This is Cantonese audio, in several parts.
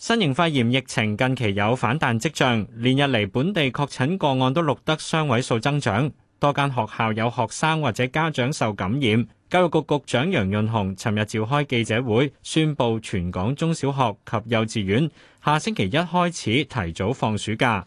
新型肺炎疫情近期有反彈迹象，連日嚟本地確診個案都錄得雙位數增長，多間學校有學生或者家長受感染。教育局局長楊潤雄尋日召開記者會宣布全港中小學及幼稚園下星期一開始提早放暑假。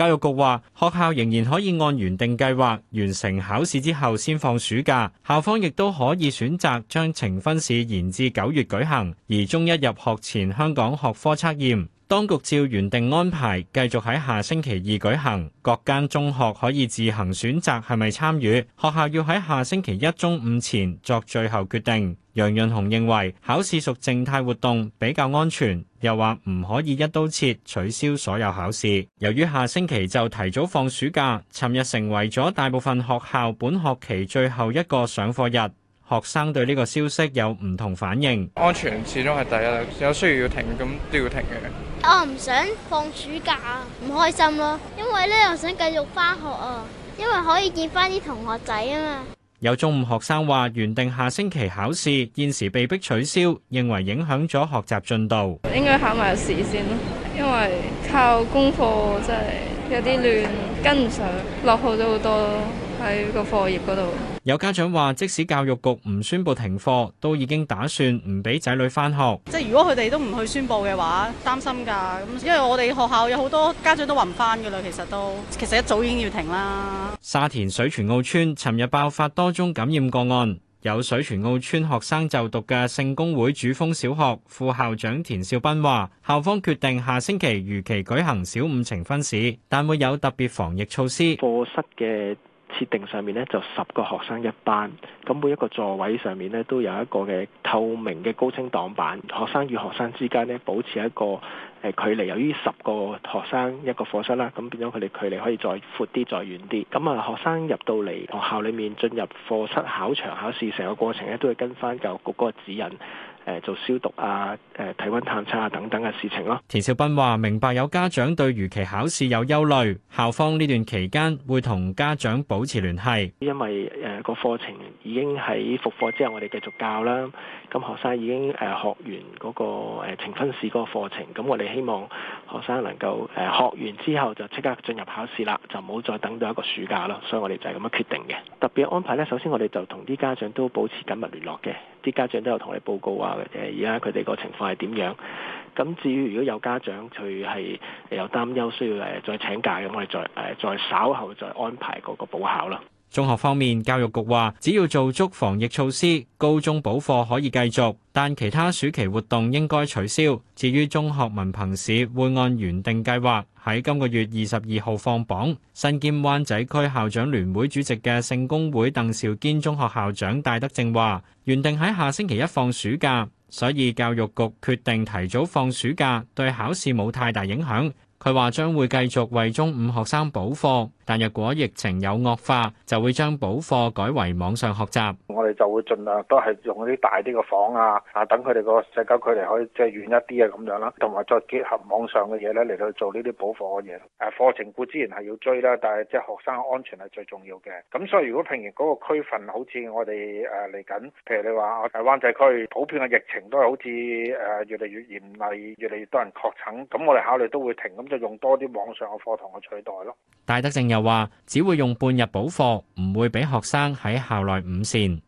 教育局話，學校仍然可以按原定計劃完成考試之後先放暑假，校方亦都可以選擇將呈分試延至九月舉行，而中一入學前香港學科測驗，當局照原定安排繼續喺下星期二舉行，各間中學可以自行選擇係咪參與，學校要喺下星期一中午前作最後決定。楊潤雄認為考試屬靜態活動，比較安全，又話唔可以一刀切取消所有考試。由於下星期就提早放暑假，尋日成為咗大部分學校本學期最後一個上課日。學生對呢個消息有唔同反應。安全始終係第一，有需要要停咁都要停嘅。我唔想放暑假，唔開心咯，因為咧又想繼續翻學啊，因為可以見翻啲同學仔啊嘛。有中五學生話，原定下星期考試，現時被迫取消，認為影響咗學習進度。應該考埋試先咯，因為靠功課真係有啲亂，跟唔上，落後咗好多。喺個課業嗰度，有家長話，即使教育局唔宣布停課，都已經打算唔俾仔女翻學。即係如果佢哋都唔去宣布嘅話，擔心噶。咁因為我哋學校有好多家長都暈翻噶啦，其實都其實一早已經要停啦。沙田水泉澳邨尋日爆發多宗感染個案，有水泉澳邨學生就讀嘅聖公會主峰小學副校長田兆斌話，校方決定下星期如期舉行小五呈分試，但會有特別防疫措施。課室嘅。設定上面呢，就十個學生一班，咁每一個座位上面呢，都有一個嘅透明嘅高清擋板，學生與學生之間呢，保持一個誒、呃、距離。由於十個學生一個課室啦，咁變咗佢哋距離可以再闊啲、再遠啲。咁啊，學生入到嚟學校裡面進入課室考場考試，成個過程咧都會跟翻教育局嗰個指引。誒做消毒啊、誒體溫探測啊等等嘅事情咯。田少斌話，明白有家長對如期考試有憂慮，校方呢段期間會同家長保持聯繫。因為誒個課程已經喺復課之後，我哋繼續教啦。咁、嗯、學生已經誒、呃、學完嗰、那個誒、呃、呈分試嗰個課程，咁我哋希望學生能夠誒、呃、學完之後，就即刻進入考試啦，就唔好再等到一個暑假咯。所以我哋就係咁樣決定嘅。特別安排呢，首先我哋就同啲家長都保持緊密聯絡嘅。啲家長都有同你報告啊，或者而家佢哋個情況係點樣？咁至於如果有家長佢係有擔憂，需要誒再請假咁，我哋再誒再稍後再安排嗰個補考啦。中學方面，教育局話只要做足防疫措施，高中補課可以繼續，但其他暑期活動應該取消。至於中學文憑試會按原定計劃喺今個月二十二號放榜。新兼灣仔區校長聯會主席嘅聖公會鄧肇堅中學校長戴德正話，原定喺下星期一放暑假，所以教育局決定提早放暑假，對考試冇太大影響。佢話將會繼續為中五學生補課，但若果疫情有惡化，就會將補課改為網上學習。我哋就會儘量都係用啲大啲嘅房啊，啊等佢哋個社交距離可以即係遠一啲啊咁樣啦，同埋再結合網上嘅嘢咧嚟到做呢啲補課嘅嘢。誒課程固之然係要追啦，但係即係學生安全係最重要嘅。咁所以如果平時嗰個區份好似我哋誒嚟緊，譬如你話大灣仔區普遍嘅疫情都係好似誒越嚟越嚴厲，越嚟越多人確診，咁我哋考慮都會停咁。就用多啲網上嘅課堂去取代咯。戴德正又話，只會用半日補課，唔會俾學生喺校內午膳。